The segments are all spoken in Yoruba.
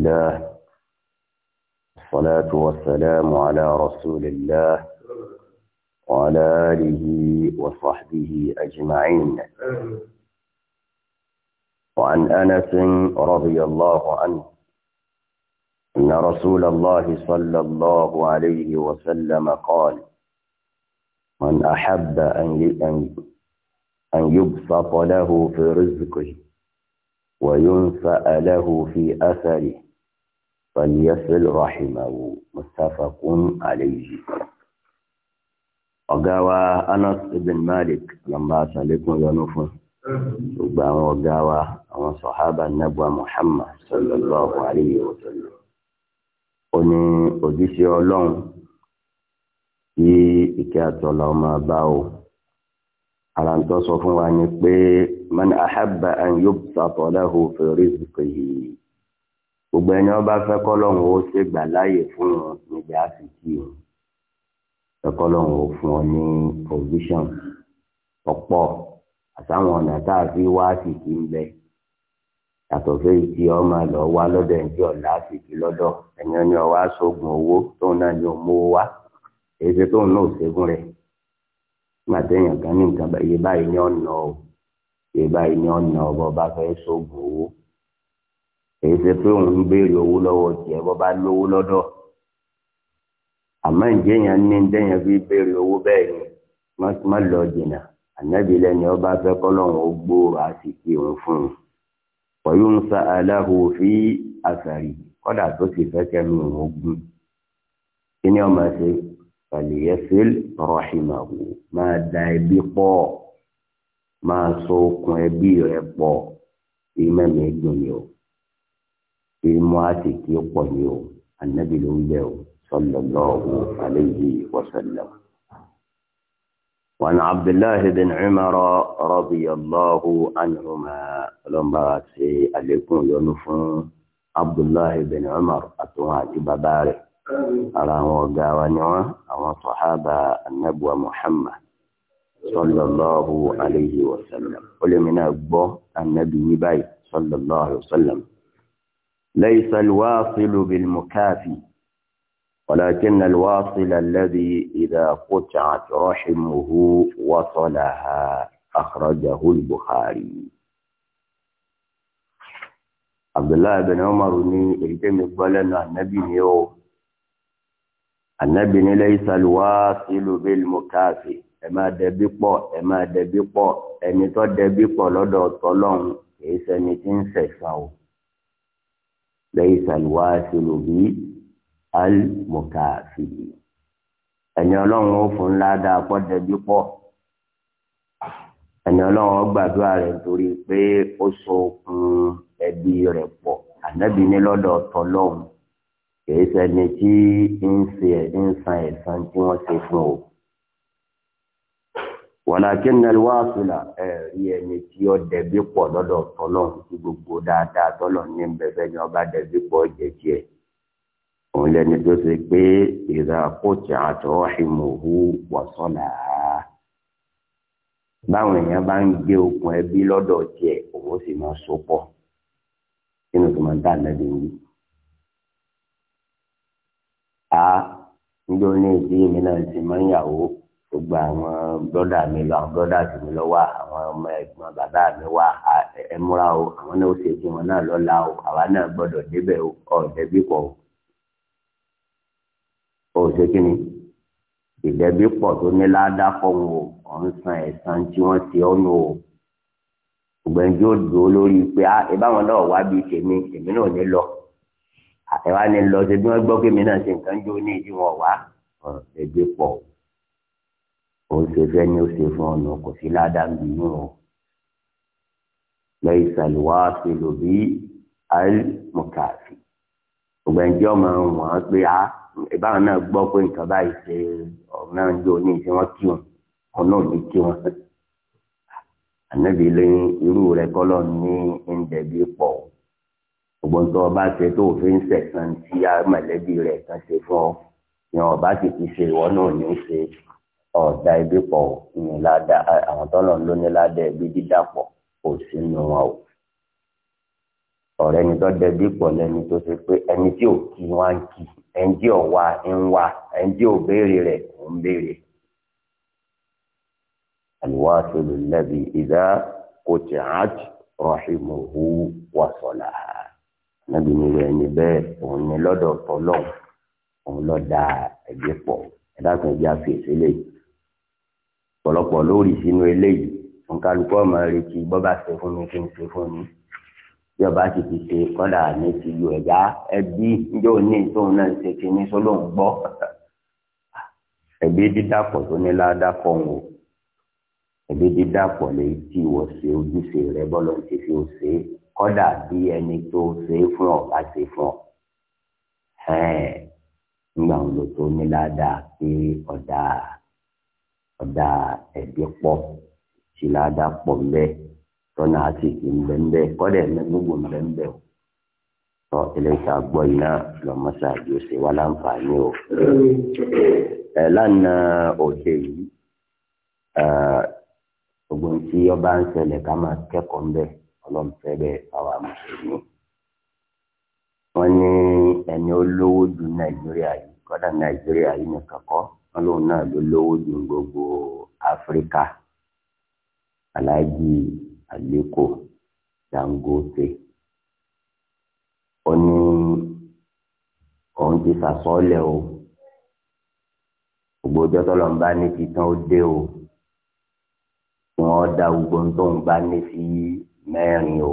الله الصلاة والسلام على رسول الله وعلى آله وصحبه أجمعين وعن أنس رضي الله عنه أن رسول الله صلى الله عليه وسلم قال من أحب أن أن يبسط له في رزقه وينفأ له في أثره فليصل رحمه متفق عليه ọ̀gá wa Anas ibn Malik lọ́mbà sàlékún yọnu fún ṣùgbọ́n àwọn ọ̀gá wa àwọn sọ̀hábà nẹ́bùa Muhammad sallallahu alayhi wa sallam ó ní òjíṣẹ́ ọlọ́run tí ìkẹ́ àtọ̀lọ́ máa bá o ara ń tọ́ sọ fún wa ni pé man ahabba an yubsata lahu fi rizqihi gbogbo ẹni ọba fẹ́ kọ́lọ́hún ó ṣe gbà láàyè fún un níbi àsìkí o fẹ́ kọ́lọ́hún ó fún ọ ní provision ọ̀pọ̀ àtàwọn ọ̀nà tá a fi wá àsìkí ń bẹ yàtọ̀ fẹ́yì tí ọmọ lọ wá lọ́dọ̀ ẹ̀ tí ọ̀la àsìkí lọ́dọ̀ ẹ̀yàn ni ọwá sógun owó tóun náà ni òun mówó wá èyí ṣe tóun náà ṣẹ́gun rẹ̀ nígbà téèyàn kan ní nǹkan iye báyìí ni ọ̀nà o iye báyìí ni ọ̀nà ọba èyí ṣe pé òun ń béèrè owó lọ́wọ́ tiẹ̀ bọ́ bá lówó lọ́dọ̀ àmọ́ ǹjẹ́ yẹn ní dẹ́yẹn fi béèrè owó bẹ́ẹ̀ ni má lọ jìnnà ànábì lẹ́ni ọba fẹ́ kọ́lọ́run ó gbòòrò àsìkè òun fún un pẹ̀lú ń sa aláhu fi àṣàrì kọ́dà tó sì fẹ́ kẹ́mi òun ogun kí ni ọmọ ṣe fàlìyẹsìl rọ̀ṣìmàwò máa da ẹbí pọ̀ máa so okùn ẹbí rẹ pọ̀ ìmẹ̀mẹ̀ gbòmìnira ìmọ̀ àti kí ó pọ̀ ní o ànábì ló ń bẹ̀ o sallallahu alayhi wa sallam. وعن عبد الله بن عمر رضي الله عنهما لما سي عليكم ينفون عبد الله بن عمر أتواتي ببارك على وقا ونوى أو صحابة النبوة محمد sallallahu alayhi wa sallam ó lè mìíràn gbọ́ ànábì ní báyìí sallallahu alayhi wa sallam ليس الواصل بالمكافي ولكن الواصل الذي إذا قطعت رحمه وصلها أخرجه البخاري عبد الله بن عمر ني الجمع النبي نيو النبي ليس الواصل بالمكافي أما دبيبو أما دبيبو أني تو دبيبو لدو طلون إيسا نتين سيساو laysa al-wasilu bi al-mukafi ẹni ọlọ́run ó fún ńlá dáa pọ́ dẹbí pọ̀ ẹni ọlọ́run ó gbàdúrà rẹ̀ nítorí pé ó so okùn ẹbí rẹ̀ pọ̀ ànábì ní lọ́dọ̀ tọ́lọ́run kì í ṣẹni tí ń ṣe ẹ̀ ń tí wọ́n ṣe fún o walakin alwasila ẹ̀rí ẹni tí ó dẹ̀bi pọ̀ lọ́dọ̀ tọ́lọ̀ tí gbogbo dáadáa tọ́lọ̀ ní bẹ̀bẹ̀ ni ọba dẹ̀bi pọ̀ jẹ̀jì ẹ̀ òun lẹni tó ṣe pé ìdá kòtì àtọ́hìmùhù wọ̀sọ́là báwọn èèyàn bá ń gbé okùn ẹbí lọ́dọ̀ tiẹ̀ òun sì máa so pọ̀ nínú tó máa ń dà wí. a ń dóni ìdí mi náà ti máa ń yàwó gbogbo àwọn bọ́dà mi lọ àwọn bọ́dà sì mi lọ wà àwọn ọmọ ẹ̀gbọ́n bàbá mi wà ẹ múra o àwọn náà ó ṣe fún wọn náà lọ́la o àwa náà gbọ́dọ̀ débẹ̀ ọ̀dẹ́bí pọ̀ o ṣe kí ni ìdẹ́bí pọ̀ tó ní ládàá fọ́hún o ọ̀ ń san ẹ̀san tí wọ́n ti ọ́nù o ògbẹ́njú ó dùn lórí pé á ah, ẹ báwọn náà wá bíi tèmi èmi náà ní lọ àtẹwá ní lọ ṣe bí wọ́n gbọ́ pé èmi náà ṣe nǹkan jó ní ìdí wá ẹ̀ẹ́dẹ́gbẹ́ pọ̀ ó ṣe fẹ́ ni ó ṣe fún ọ̀nà kò sí ládàá nínú o lẹ́yìn sàlùwà ṣe lò bí àìmọ̀kàfì ògbẹ́njẹ́ ọmọ wọn pé a ìbáwọn náà gbọ́ pé nǹkan báyìí ṣe ọ̀run náà ń jó ní ìṣe wọn kí wọn ọ̀nà ò ní kí wọn. ànábì lè irú rẹ kọ́lọ̀ ní ẹ̀ńdẹ̀bí pọ̀ gbogbo nǹkan ọba ṣe tó fi ń sẹ̀sán tí mọ̀lẹ́bí rẹ̀ kan ṣe fún ọ ni ọba sì ti ṣe ìwọ náà ní í ṣe ọ̀dà ibi pọ̀ ní ládà àwọn tọ́lọ̀ ló ní ládà ibi dídàpọ̀ kò sínú wọn o ọ̀rẹ́ ni tó dẹbí pọ̀ lẹ́ni tó ṣe pé ẹni tí ò kí wá ń kí ẹni tí ò wá ń wá ẹni tí ò béèrè rẹ̀ ò ń béèrè. alwaasilu alladhi idha quti'at rahimuhu wa salaha nàbí ni rẹ̀ ni bẹ́ẹ̀ òun ni lọ́dọ̀ tọ́lọ̀ òun lọ́ọ́ da ẹgbẹ́ pọ̀ ẹ̀dá kan jẹ́ àfẹ́sẹ́lẹ̀ yìí pọ̀lọpọ̀ lórí sínú eléyìí nkálukú ọmọ retí bọ́bá ṣe fún mi kí n ṣe fún mi bí ọba sì ti ṣe kọ́dà ní ti yọ ẹ̀yà ẹbí níjọ́ ní ìtòun náà ṣe kí ní sọ́lọ́hún gbọ́ ẹbí dídàpọ̀ tó ní ládàpọ̀ ń wò ẹbí dídàpọ̀ lè tí ìwọ ṣe ojúṣe rẹ bọ́lọ̀ ti fi ò ṣe kọ́dà bí ẹni tó ṣe fún ọ bá ṣe fún ọ nígbà wọn lò tó ní ládàá pé ọ̀dà ọ̀dà ẹ̀bí pọ̀ ṣìláàdá pọ̀ ńbẹ tọ́nà àtìkì ńbẹ ńbẹ kọ́dẹ̀ ńbẹ gbogbo ńbẹ ńbẹ o tọ́ ẹlẹ́ta gbọ́ iná lọ́mọ́sàájú ṣe wá láǹfààní o. ẹ lánàá òde yìí ogun tí ọba ń ṣẹlẹ̀ ká máa kẹ́kọ̀ọ́ ńbẹ ọlọ́mfẹ́ bẹ́ẹ̀ fáwọn mùsùlùmí. wọ́n ní ẹni olówó ju nàìjíríà yìí kọ́dà nàìjíríà yìí nìkan kọ́ wọn lòun náà ló lówó ju gbogbo áfíríkà aláàjì àlékò Dangote ó ní òun ti sàsọ́ọ̀lẹ̀ o gbogbo ọjọ́ tó lọ́n bá ní titan ó dé o wọ́n da gbogbo tó ń bá ní sí mẹ́rin o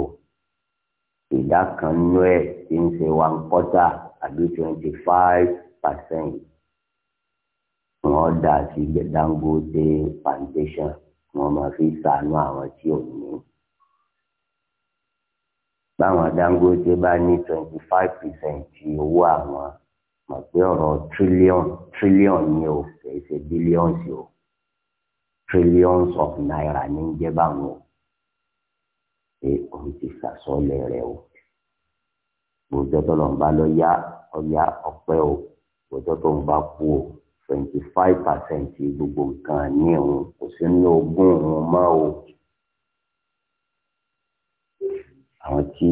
ìdá kan nú ẹ̀ tí ń ṣe one quarter àbí twenty five percent wọ́n dà sí Dangote foundation wọ́n máa fi ṣàánú àwọn tí ò ní. báwọn Dangote bá ní twenty five percent owó àwọn mọ̀ pé ọ̀rọ̀ trillion trillion ni o kì í ṣe billions o trillions of naira ní ń jẹ́ báwọn o pé òun ti ṣàsọlẹ̀ rẹ̀ o gbọ́dọ̀ tó lọ́n bá lọ yá ọ̀yá ọ̀pẹ́ o gbọ́dọ̀ tó ń bá kú o twenty five percent gbogbo nǹkan ní òun kò sí ní ogún òun mọ́ o. àwọn tí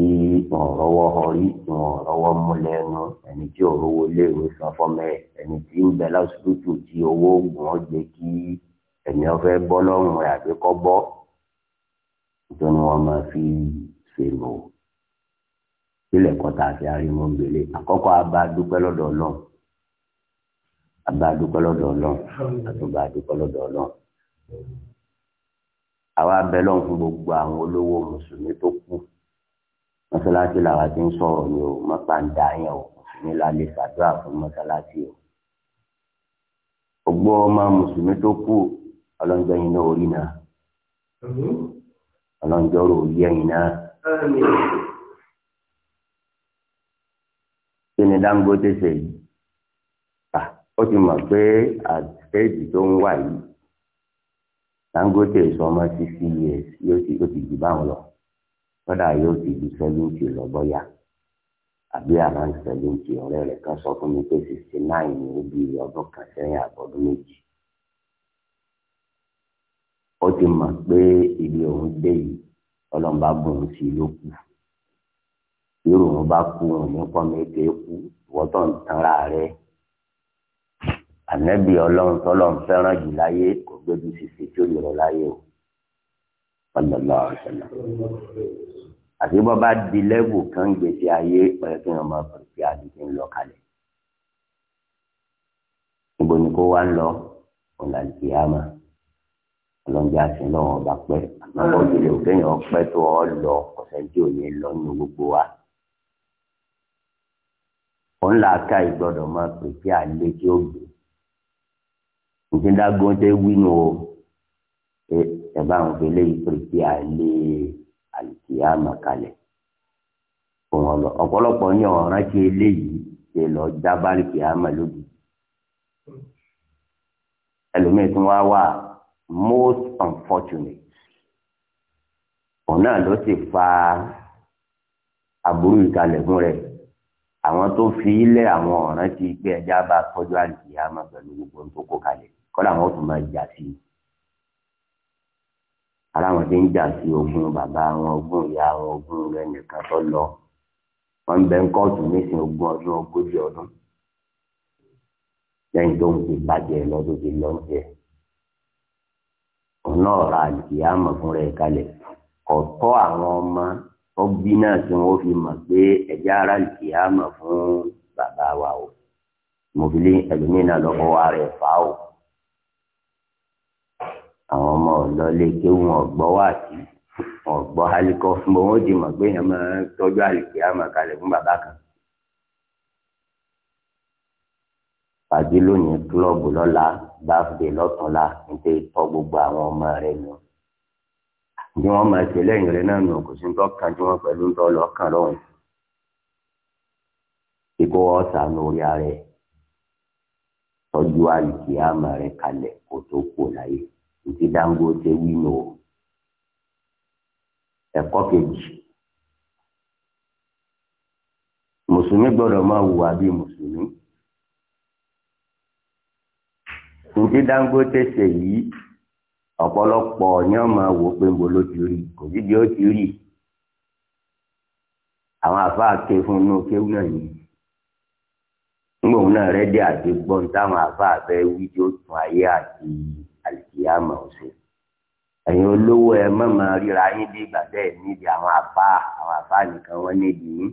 wọn rọ́wọ́ họrí wọn rọ́wọ́ mú lẹ́nu ẹni tí òrówó léèwé san fọmọ ẹ ẹni tí ń bẹ lọsibítù tí owó oògùn ọgbẹ kí ẹni ọfẹ bọ́ lọ́rùn rẹ àbí kọ bọ nítorí wọn máa fi ṣèlò ilẹ̀kọ́ tá a fi ariwo ń gbélé àkọ́kọ́ abá dúpẹ́ lọ́dọ̀ Ọlọ́run abádúpẹ́ lọ́dọ̀ ọlọ́run àtúbà dúpẹ́ lọ́dọ̀ ọlọ́run. àwa bẹ lọ́run fún gbogbo àwọn olówó mùsùlùmí tó kù mọ́sálásí làwa ti ń sọ̀rọ̀ ni o mọ́pàǹdà yẹn o mùsùlùmí la lè ṣàdúrà fún mọ́sálásí o. gbogbo ọmọ mùsùlùmí tó kù ọlọ́njọ́ yín náà orí náà ọlọ́njọ́ rò yí ẹ̀yìn náà. kí ni Dangote ṣe yìí? ó ti mọ̀ pé àtẹ́jì tó ń wà yìí Dangote sọ ọmọ sixty yóò ti jù báwọn lọ kódà yóò ti di seventy lọ bọ́yá àbí around seventy ọ̀rẹ́ rẹ̀ kan sọ fún mi pé sixty nine ní bí ọdún kan sẹ́yìn àbọ̀dún méjì ó ti mọ̀ pé ibi òun dé yìí ọlọ́mọba bùn sí i ló kù irun bá kú òun ní pọ́nmi kú wọ́tọ̀ ń tanra rẹ̀ ànẹ́bí ọlọ́run tọ́lọ́run fẹ́ràn jù láyé kò gbébi ṣìṣe tí ó yọrọ láyé o ọlọ́lá ọ̀sẹ̀lá àti bọ́ bá di lẹ́bù kan gbèsè ayé ọ̀yẹ́ kí wọ́n máa pèrè pé àdìgbò ń lọ kalẹ̀ níbo ni kó wá ń lọ ọ̀là ìkìyàmà ọlọ́njẹ́ àti lọ́wọ́ ọba pẹ́ àmọ́ òjòlè òkèèyàn ọpẹ́ tó ọ lọ ọ̀sẹ̀ tí ò ní lọ nínú gbogbo wa òun là á ká ìgbọ́dọ̀ máa pèsè àlejò gbé ìdíńdàgún tẹ wínú o ẹ ẹ bá àwọn fẹlẹ yìí pèrè kí a lé àlùkìyà màkàlẹ òun ọlọ ọ̀pọ̀lọpọ̀ ní ọ̀ràn tí eléyìí ṣe lọ já bálùkìyà mà lódì ẹlòmíín tún wá wà most unfortunate òun náà ló sì fa aburú ìkalẹ̀ fún rẹ̀ àwọn tó fi ilé àwọn ọ̀ràn ti gbé ẹja bá tọ́jú àlùkìyà mà pẹ̀lú gbogbo tó kó kalẹ̀ kọ́lá àwọn tó máa jà sí i ara ti ń jà sí ogún bàbá wọn ogún ìyá wọn ogún rẹ nìkan tó lọ wọn bẹ ń kóòtù nísìnyí ogún ọdún ogójì ọdún lẹ́yìn tó ń ti bàjẹ́ lọ́dún ti lọ jẹ òun náà ra ìyá àmọ̀ fúnra ẹ̀ kalẹ̀ ọ̀tọ̀ àwọn ọmọ tó bí náà tí wọ́n fi mọ̀ pé ẹ̀jẹ̀ ara ìyá àmọ̀ fún bàbá wa o mo fi lé ẹlòmíràn lọ́kọ̀ wa rẹ̀ fà o. àwọn ọmọ ọlọlẹ ké wọn ọgbọ wà sí ọgbọ alikọ mo wọn ti mọ pé yẹn máa tọjú àlìkè àmàkalẹ fún bàbá kan. pàdé lónìí kílọ̀bù lọ́la báfẹ́ lọ́tọ̀ọ́la nítorí tọ́ gbogbo àwọn ọmọ rẹ nù. bí wọ́n máa ṣe lẹ́yìn náà nù kò sí kan tí wọ́n pẹ̀lú lọ kàn lọ́hùn. orí ara rẹ kalẹ̀ tó kù láyé. títí Dangote wílò ẹ̀kọ́ kejì mùsùlùmí gbọ́dọ̀ máa hùwà bíi mùsùlùmí Dangote ṣe yìí ọ̀pọ̀lọpọ̀ ni wọ́n máa pé ló ti rí kò sí ó ti rí àwọn àfáà ké fún inú kéwù náà yìí àlìkìyàmà ọ̀sẹ̀ ẹ̀yin olówó ẹ má máa ríra yín bí ìgbà bẹ́ẹ̀ níbi àwọn àbá àwọn àbá nìkan wọ́n níbi yín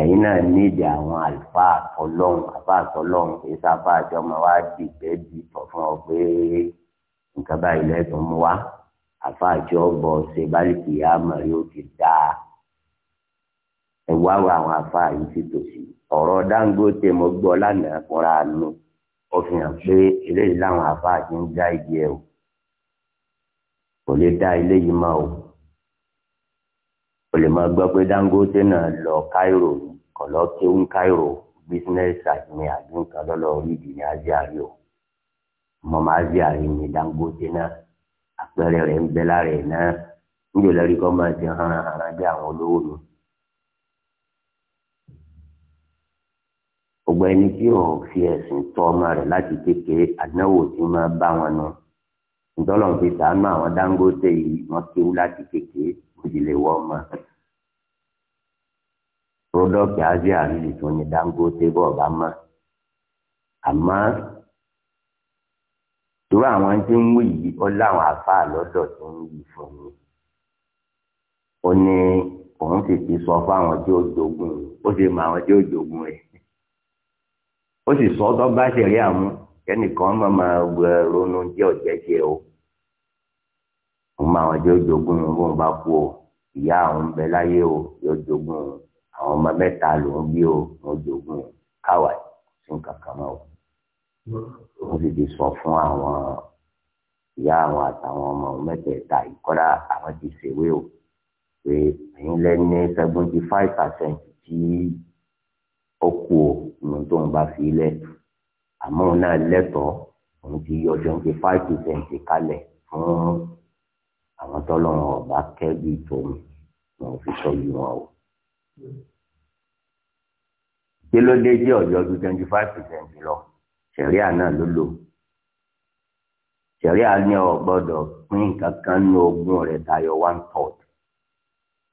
ẹ̀yin náà níbi àwọn àlùfà àtọ́lọ́hún àbá àtọ́lọ́hún kì í sábà àti ọmọ wa dìgbẹ́ di tọ̀ fún ọ pé nǹkan báyìí lẹ́sùn mú wa àfa àti ọgbọ ṣe bálìkìyàmà yóò ti dáa ẹ wá wa àwọn àfa yìí ti tòsí ọ̀rọ̀ Dangote mo gbọ́ lánàá fúnra mi ó fi hàn pé eléyìí láwọn àfáà ti ń dá igi ẹ o kò lè dá ilé yìí mọ́ o o lè máa gbọ́ pé Dangote náà lọ Cairo kọ̀ lọ Cairo business àti àdúgbò kan lọ́lọ́ orídì ní Asia rí o ọmọ ọmọ Asia rí ni Dangote náà àpẹẹrẹ rẹ̀ ń bẹ lára ẹ̀ náà ń jòlẹ́rìí kọ́ máa ti hàn án bí àwọn olówó mi. gbogbo ẹni tí ò fi ẹ̀sìn tọ́ ọmọ rẹ̀ láti kékeré àdánwò tí máa bá wọn nù ntọ́lọ́n fi sàánú àwọn Dangote yìí wọ́n kéwú láti kékeré òjìlè wọ́ ọmọ product Asia yìí tó ní Dangote bọ̀ bá mọ́ àmọ́ irú àwọn tí ń wí yìí ó láwọn àfáà lọ́dọ̀ tó ń yí fún mi ó ní òun sì ti sọ fún àwọn tí ó jogun ó sì mọ àwọn tí ó jogun rẹ̀ ó sì sọ ọtọ bá ṣẹlẹ àmú kẹnìkan má máa ronú jẹ ọjẹjẹ o òun máa wọn jẹ ojogun bóun bá kú o ìyá àwọn bẹ láyé o yóò jogun àwọn ọmọ mẹ́ta lòún bí o wọn jogun káwa sí kankan mọ o wọn sì ti sọ fún àwọn ìyá àwọn àtàwọn ọmọ mẹ́tẹ̀ẹ̀ta ìkọlá àwọn ti ṣèwé o pé ẹ̀yin lẹni seventy five percent tí ó kú o ìwọ̀n tó ń bá fi lẹ̀ àmọ́ òun náà lẹ́tọ̀ọ́ òun ti yọ twenty five percent kalẹ̀ fún àwọn tọ́lọ́run ọ̀bá kẹ́ bíi tòun wọn fi tọ́jú wọn o. kí ló dé dé ọ̀yọ́ ju twenty five percent lọ sẹ̀ríà náà ló lò sẹ̀ríà ní o gbọ́dọ̀ pín nǹkan kan ní ogún rẹ̀ tayọ one third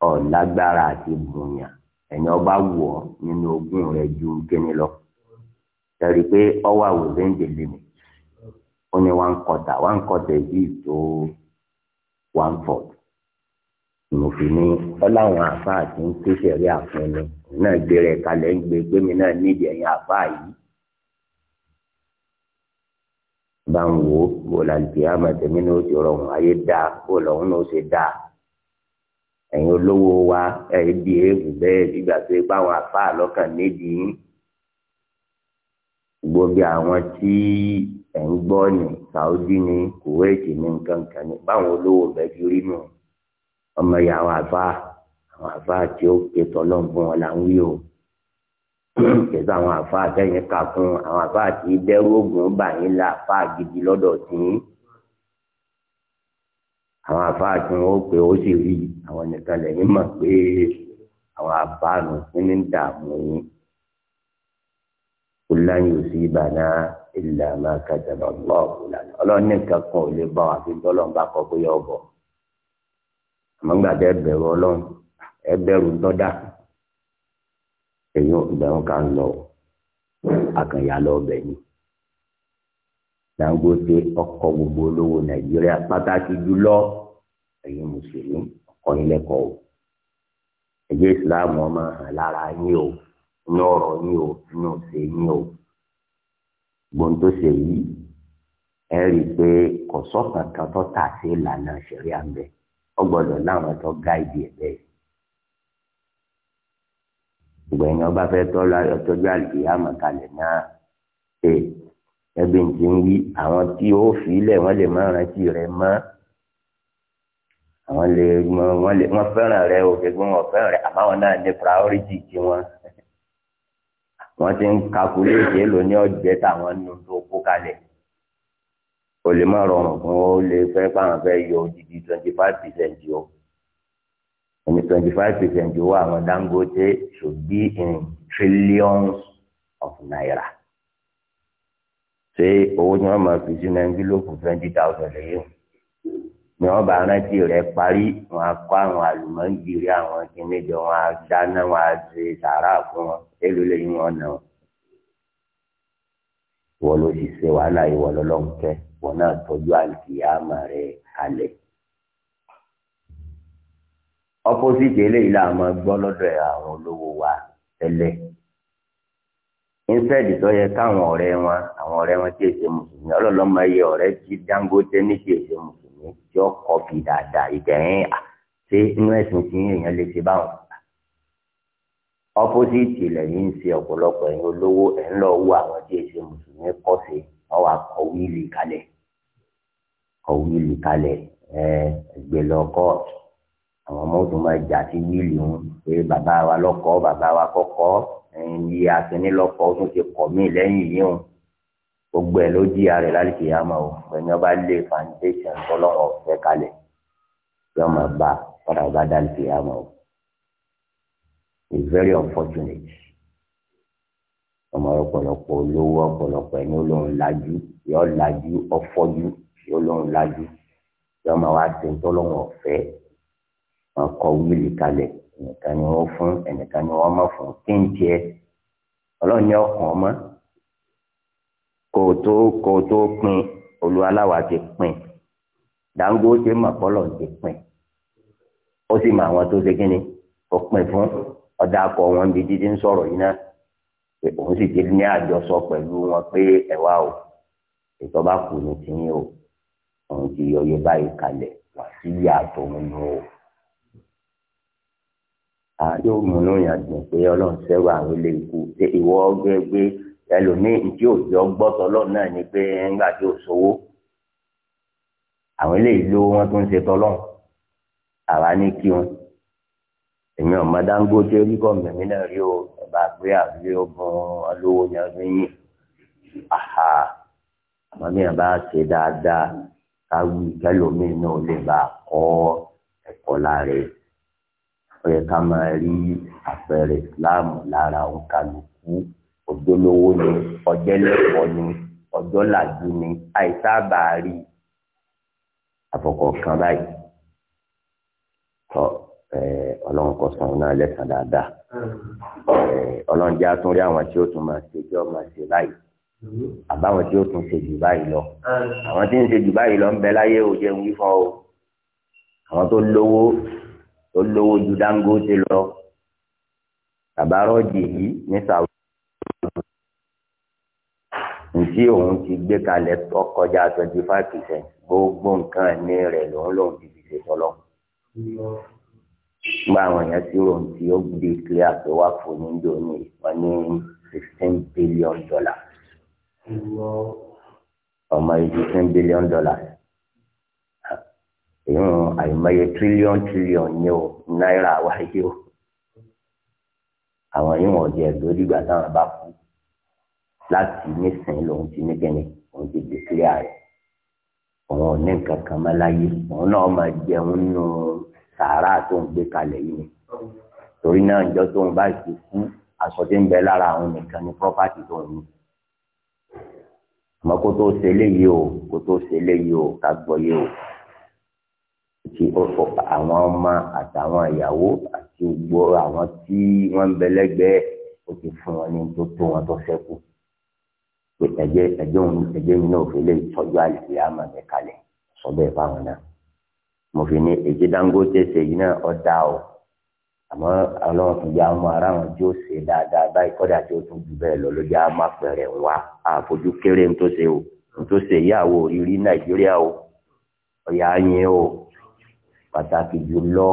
ó lágbára àti bùnyàn ẹ̀yìn ọba wù ọ́ nínú ogún rẹ̀ ju kíni lọ tẹ̀rí pé ọwọ́ àwòrán ń délé mi ó ní one quarter one quarter yìí tó one fourth òfin ni ọláwọn àfáà tí ń ké sẹ̀rí àfúnni náà gbé rẹ̀ kalẹ̀ ń gbé gbémi náà nídìí ẹ̀yìn àfáà yìí bá ń wò ó bó la ti rọrùn ayé dáa bó lọ́hún ní oṣù dáa ẹ̀yin olówó wa ẹ̀ẹ́dì èèbù bẹ́ẹ̀ gbígbà tó ipá àwọn àfáà lọ́kàn nídìí gbogbo àwọn tí ẹ̀ ń gbọ́ ní Saudi ní Kuwait ní nǹkankan ní báwọn olówó bẹ́ẹ̀ ti rí nù ọmọ ìyá àwọn àfáà àwọn àfáà tí ó ké tọ́lọ́ fún wọn là ń wí o kẹsàn àwọn àfáà tẹ̀yìn kà fún àwọn àfáà tí dẹ́rù ogun bàyìn là àfáà gidi lọ́dọ̀ tí yín àwọn àfáà tí wọ́n pè ó sì rí àwọn nìkan lẹ́yìn mọ̀ pé àwọn àbánu ní ń dààmú yín kúláyìn ò sí ìbànú ilà máa kájà lọ́wọ́ ọ̀làní ọlọ́run nìkan kan ò lè bá wa fi tọ́lọ́run bá kọ́ bóyá ọ̀bọ̀ àmọ́ gbàdé ẹbẹ̀rù ọlọ́run ẹbẹ̀rù tọ́dà èyí ìbẹ̀rù kan lọ akànyà lọ ni Dangote ọkọ̀ gbogbo olówó Nàìjíríà pàtàkì jùlọ ẹ̀yin mùsùlùmí ọkọ yín lẹ́kọ̀ọ́ o ẹ̀jẹ̀ ìsìláàmù ọmọ hàn lára yín o inú ọ̀rọ̀ yín o inú ọ̀sẹ̀ yín o gbọ́n tó ṣe yìí ẹ rí i pé kò sọ́kàn kan tó tà sí ìlànà ṣẹ̀rí àmbẹ̀ ọ gbọ́dọ̀ láwọn tó gáìdì ẹ̀ bẹ́ẹ̀. ìgbẹ̀yìn ọba fẹ́ tọ́lú ayọ̀tọ́jú àlùkìyàmọ̀ kalẹ̀ náà ṣe ẹbí ti ń wí àwọn tí ó fi ilẹ̀ wọ́n lè má rántí rẹ̀ mọ́ àwọn lè wọ́n lè wọ́n fẹ́ràn rẹ o ṣe pé wọ́n rẹ àmọ́ àwọn náà ní priority tí wọ́n wọ́n ti ń kakuléètì èlò ní ọ̀jẹ́ táwọn nù tó kó kalẹ̀ o lè má rọrùn fún o lè fẹ́ fáwọn fẹ́ yọ odidi twenty five percent o ẹni twenty five percent owó àwọn Dangote should be in trillions of naira ṣé owó tí wọ́n máa fi sínú ẹnfílọ́pù twenty thousand lè ni wọn bá rẹ parí wọn kọ kó àwọn àlùmọ́ǹgìrì àwọn kìnnìjọ wọn á dáná wọn á ṣe fún wọn èlò lẹ́yìn wọn náà wọn ló sì ṣe wàhálà ìwọ lọlọrun kẹ wọn náà tọ́jú àlùkìyàmà rẹ kalẹ̀. ọpọsìtì eléyìí là máa gbọ́ lọ́dọ̀ àwọn olówó wa tẹ́lẹ̀ insẹ́ẹ̀dì tó yẹ káwọn ọ̀rẹ́ wọn àwọn ọ̀rẹ́ wọn tí èsè mùsùlùmí ọlọ́lọ́mọ ọ̀rẹ́ Dangote ní tí mùsùlùmí tí ó kọ́ bí dáadáa ìgbẹ̀yìn à ṣé inú ẹ̀sìn tí èèyàn lè ṣe báwọn. ọ́pọ́sìtì lẹ́yìn ń ṣe ọ̀pọ̀lọpọ̀ ẹ̀yin olówó ẹ̀ ń lọ wo àwọn tí èsì mùsùlùmí kọ́ sí wọ́n wá kọ wíìlì kalẹ̀ kọ wíìlì kalẹ̀ ẹgbẹ́ lọ kọ́ àwọn ọmọ tó máa jà sí wíìlì wọn pé bàbá wa lọ́kọ́ bàbá wa kọ́kọ́ ẹ̀yin yìí akínní lọ́kọ́ tó ti kọ̀ mí lẹ́yìn yìí wọn gbogbo ẹ̀ ló jí ara rẹ̀ láti yá ma o ẹni ọba lé foundation tọ́lọ́wọ́ fẹ́ kalẹ̀ yọ ma ba kọ́ra ọba dá láti yá ma o it's very unfortunate ọmọ ọ̀pọ̀lọpọ̀ olówó ọ̀pọ̀lọpọ̀ ẹni olóhùn lajú yọ lajú ọfọjú yọ olóhùn lajú yọ ma wá sí tọ́lọ́wọ́ fẹ́ wọn kọ wíìlì kalẹ̀ ẹnìkan ni wọ́n fún ẹnìkan ni wọ́n má fún kí n tiẹ̀ ọlọ́run ní ọkàn ọmọ kò tó kò tó pin olùwàláwà ti pin Dangote mọ̀kọ́lọ̀ ti pin ó sì mọ àwọn tó ṣe kí ni ó pin fún ọ̀dà akọ wọn bí dídí ń sọ̀rọ̀ yìí náà òun sì ti ní àjọsọ pẹ̀lú wọn pé ẹ̀wá o ètò bá kù ní tìyín o òun ti yọyẹ báyìí kalẹ̀ wá sí ìyá àtòun nù o. a yóò múnú pé ọlọ́run sẹ́wọ́ àwọn ilé ikú ṣé ìwọ ọgbẹ́ ẹlòmíì tí òjò gbọ́tọ̀ lọ́nà náà ni pé ńgbà tí ò sówó àwọn eléyìí ló wọn tó ń ṣe tọ́lọ́ àwa ní kí wọn èmi ọ̀mọ Dangote rí kọ́ mẹ̀mí náà rí o bàbá pé àbí ogun olówó ni ọdún yìí àhà àmọ́ mi àbá ṣe dáadáa káwí kẹlòmíì náà lè bá kọ́ ẹ̀kọ́ lára ẹ̀ ó yẹ ká máa rí àpẹẹrẹ Islam lára òǹkàlùkù ògbólówó ni ọ̀jẹ̀lẹ̀kọ̀ ni ọ̀jọ́làjú ni àìsábàárì àfọkànkan báyìí tọ́ ọlọ́run kò san náà lẹ́sàn dáadáa ọlọ́run jẹ́ àtúnrí àwọn tí ó tún máa ṣe tí ó máa ṣe báyìí àbáwọn tí ó tún ṣe jù báyìí lọ àwọn tí ń ṣe jù báyìí lọ ń bẹ láyé ò jẹun wífọ́ o àwọn tó lówó tó lówó ju Dangote lọ tàbárọ̀ jì yìí ní sàwọn ntí òun ti gbé kalẹ̀ tó kọjá twenty five percent gbogbo nǹkan ní rẹ̀ lòun lòun ti fi ṣe tọ́lọ́ gba àwọn èèyàn sí ròhùn tí ó di clear pé wá fún ní ndóní wọn ní sixteen billion dollars ọmọ yìí sixteen billion dollars ìhun àìmọye trillion trillion ní o náírà wáyé o àwọn yìí wọn jẹ lórí ìgbà táwọn bá kú láti nísìnyí lòun ti ní kíni òun ti di síríà rẹ̀ òun ò ní nǹkan kan mọ́ láyé òun náà máa jẹun nù sàárà tó ń gbé kalẹ̀ yìí ni torí náà ìjọ tó ń bá ti kú aṣọ tí ń bẹ lára àwọn nìkan ní property tó ń ní àmọ́ kó tó ṣe léyìí o kó tó ṣe léyìí o ká gbọ́ yé o ti àwọn ọmọ àtàwọn ìyàwó àti gbogbo àwọn tí wọ́n ń bẹ lẹ́gbẹ̀ẹ́ ó ti fún wọn ní tó tó wọn tó ṣẹ́kù pé ẹ̀jẹ̀ ẹ̀jẹ̀ òun ẹ̀jẹ̀ yìí náà fi lè tọ́jú àlùfẹ́ àmà mi kalẹ̀ sọ bẹ́ẹ̀ fáwọn náà mo fi ní èjì Dangote ṣe yìí náà ọ dá o àmọ́ ọlọ́run tó yá ọmọ ara wọn tí ó ṣe dáadáa báyìí kọ́dà tí ó tún jù bẹ́ẹ̀ lọ ló yá má pẹ̀rẹ̀ wá àfojú kéré ń tó ṣe o ń tó ṣe ìyàwó orírí Nàìjíríà o ọ̀yà yẹn o pàtàkì jùlọ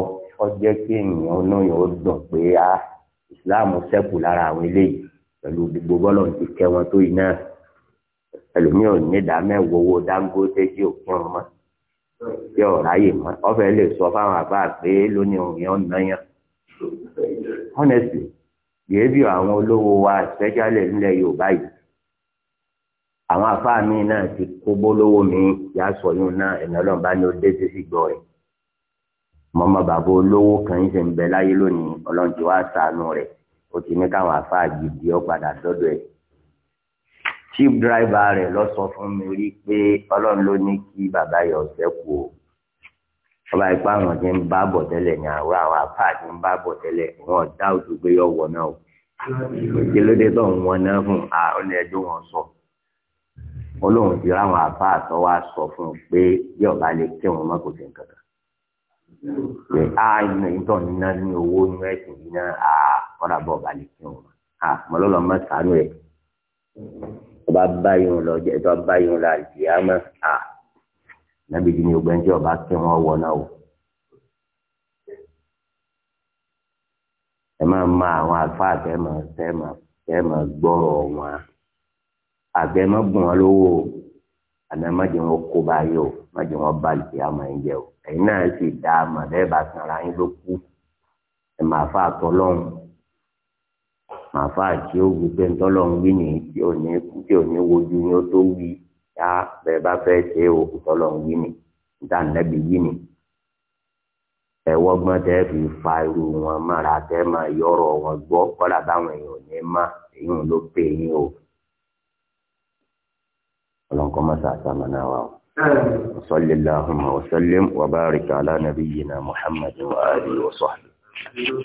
ọjẹ́ kí ènìyàn náà yóò dùn pé a ah, Islam ṣẹ́kù lára àwọn eléyìí pẹ̀lú gbogbo bọ́lọ̀ ti kẹ́ wọn tó yìí náà ẹlòmíì ò ní ìdá mẹ́wọ́ owó Dangote tí ò kí wọn mọ́ tí ò ráyè mọ́ ọ̀fẹ́ lè sọ fáwọn àbá pé lónìí òun yẹn ń náyàn honestly behavior àwọn olówó wa especially nílẹ̀ Yorùbá yìí àwọn afáà mi náà ti kó bólówó mi yà sọ yún náà ẹ̀nà ọlọ́run bá ní ó dé sí gbọ́ rẹ̀ mọ́mọ́ bàbá olówó kan ń ṣe ń bẹ láyé lónìí ọlọ́run ti wá ṣàánú rẹ̀ ó ti ní káwọn afáà gidi ó padà sọ́dọ̀ ẹ̀ chief driver rẹ̀ lọ sọ fún mi rí pé ọlọ́run ló ní kí bàbá yọ ọ̀sẹ̀ kú o ọba ipá àwọn ti ń bá bọ̀ tẹ́lẹ̀ ní àwọn àwọn apá ti ń bá bọ̀ tẹ́lẹ̀ wọn dá òtú pé yọ wọ̀ náà o òjì lóde tó ń wọn náà fún ọ̀nà ẹjọ́ wọn sọ olóhùn ti ráwọn apá àtọ́ wa sọ fún un pé bí ọba lè kí wọn má kò sí nǹkan kan pé a ìtọ́ nínú ní owó inú ẹ̀sìn yìí náà a kọ́ra bọ̀ ọba lè kí wọn mọ́ lọ́lọ́ mọ́ sàánú ẹ̀ bá báyìí lọ jẹ tó báyìí lọ àlìyámà à nàbí jìnnì ògbẹ́ni tí ọba kí wọ́n wọ náà o. ẹ máa ma àwọn àlùfáà tẹ máa tẹ máa wọn àgbẹ̀ má wọn lówó o má jẹ́ wọn kó báyìí o má jẹ́ wọn bá àlìyámà ẹ̀ jẹ o ẹ̀yin náà sì dá a mọ̀ bẹ́ẹ̀ bá sanra yín ló kú ẹ̀ máa fa àtọ́ lọ́hùn màáfà tí ó wù pé ńtọ́lọ́ ń wí nìyí tí ò ní kú tí ò ní wojú ni ó tó wí yá bẹ́ẹ̀ bá fẹ́ ṣe é òkú tọ́lọ́ ń wí nì níta nẹ́bi wí nì. ẹ̀wọ́gbọ́n tẹ́ fi fa irú wọn mára tẹ́ máa yọ̀rọ̀ wọn gbọ́ kọ́dà báwọn èèyàn ò ní má èyí ló pè yín o. ọlọ́nkọ́ mọ́sá àtàmánà wa o. وصل اللهم وسلم وبارك على نبينا محمد وآله وصحبه